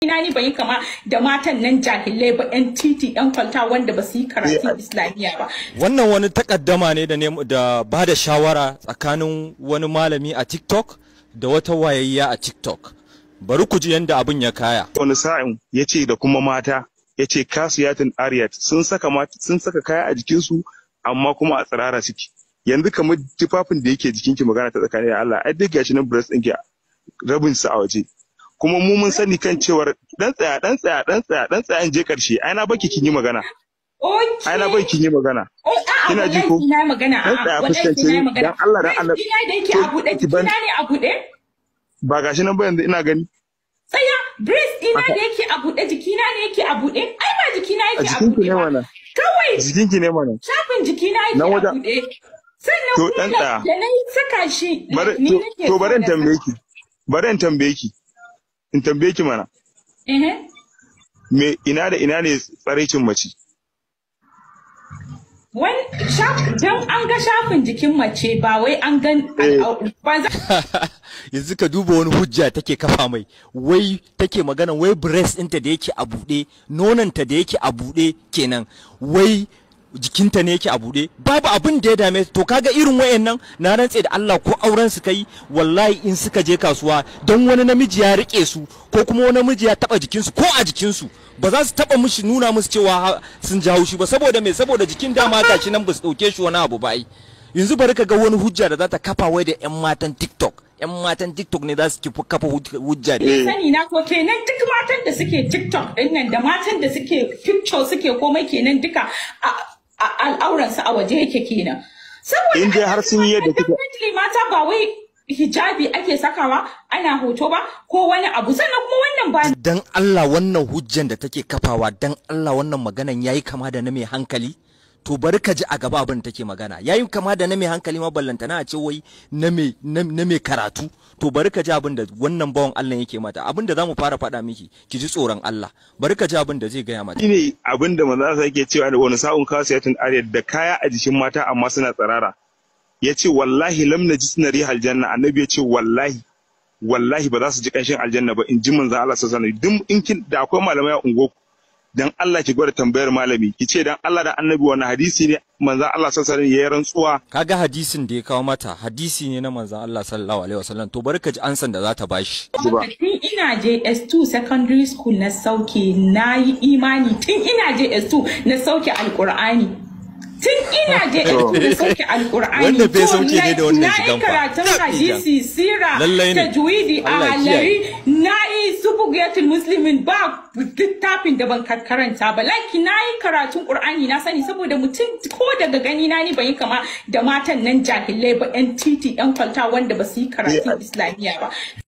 ina ni ban yi kama da matan nan jahilai ba yan titi yan kwalta wanda ba su yi karatun islamiyya ba wannan wani takaddama ne da ba da shawara tsakanin wani malami a tiktok da wata wayayya a tiktok bari ku ji yadda abin ya kaya wani sa'in ya ce da kuma mata ya ce kasiyatin ariyat sun saka sun saka kaya a jikinsu amma kuma a tsirara suke yanzu kamar tufafin da yake jikinki magana ta tsakanin Allah ai duk gashi nan breast ɗinki rabin sa a waje kuma mu mun sani kan cewar dan tsaya dan tsaya dan tsaya dan tsaya in je karshe ai na baki kin yi magana ai na baki kin yi magana kina ji ko dan tsaya fuskance dan Allah dan Allah kina da yake a bude kina ne a bude ba gashi nan ba yanzu ina gani tsaya breast ina da yake a bude jikina ne yake a bude ai ba jikina yake a bude mana kawai jikinki ne mana shafin jikina yake a bude sannan kuma da na saka shi to bari in tambaye ki bari in tambaye ki in tambaye ki mana eh. me ina da ina ne tsaraicin mace wani don an ga shafin jikin mace ba wai an gan eh. yanzu ka duba wani hujja take kafa mai wai take magana wai breast ɗinta da yake a buɗe nonanta da yake a buɗe kenan wai jikinta ne yake a bude babu abin da ya dame to kaga irin wayannan na rantse da Allah ko auren su kai wallahi in suka je kasuwa don wani namiji ya rike su ko kuma wani namiji ya taba jikin su ko a jikin su ba za su taba mushi nuna musu cewa sun jawo shi ba saboda me saboda jikin dama gashi nan ba su dauke shi wani abu ba ai yanzu bari ka ga wani hujja da za ta kafa wai da yan matan TikTok yan matan TikTok ne za su ki kafa hujja da eh. sani na ko kenan duk matan da suke TikTok din nan da matan da suke picture suke komai kenan duka su a waje yake kenan saboda in dai har sun yi yadda kika mata ba wai hijabi ake sakawa ana hoto ba ko wani abu sannan kuma wannan ba dan Allah wannan hujjan da take kafawa dan Allah wannan maganan yayi kama da na mai hankali to bari ka ji a gaba abin take magana yayi kama da na mai hankali ma na a ce wai na mai karatu to bari ka ji abin da wannan bawan Allah yake mata abin da zamu fara faɗa miki ki ji tsoron Allah bari ka ji abin da zai gaya mata shine abin da manzo Allah yake cewa da wani sa'un kasiyatin ariyat da kaya a jikin mata amma suna tsarara ya ce wallahi lam najis narihal janna annabi ya ce wallahi wallahi ba za su ji kanshin aljanna ba in ji manzo Allah sallallahu alaihi wasallam duk in da akwai malamai a unguwarku dan Allah ki gwada tambayar malami ki ce dan Allah da annabi wannan hadisi ne manzon Allah sallallahu alaihi ya rantsuwa kaga hadisin da ya kawo mata hadisi ne na manzon Allah sallallahu alaihi wasallam to barka ji ansan da za ta bashi tun ina je S2 secondary school na sauke na yi imani tun ina je S2 na sauke alqur'ani tun ina da ina sauke alkur'ani wanda bai sauke ne da wannan ba karatun hadisi sira tajwidi ahalari na yi subugiyatul muslimin ba littafin da ban karanta ba laki na yi karatun ƙur'ani na sani saboda mutum ko daga gani na ni ban yi kama da matan nan jahilai ba yan titi yan kwalta wanda ba su yi karatun eh, islamiyya ba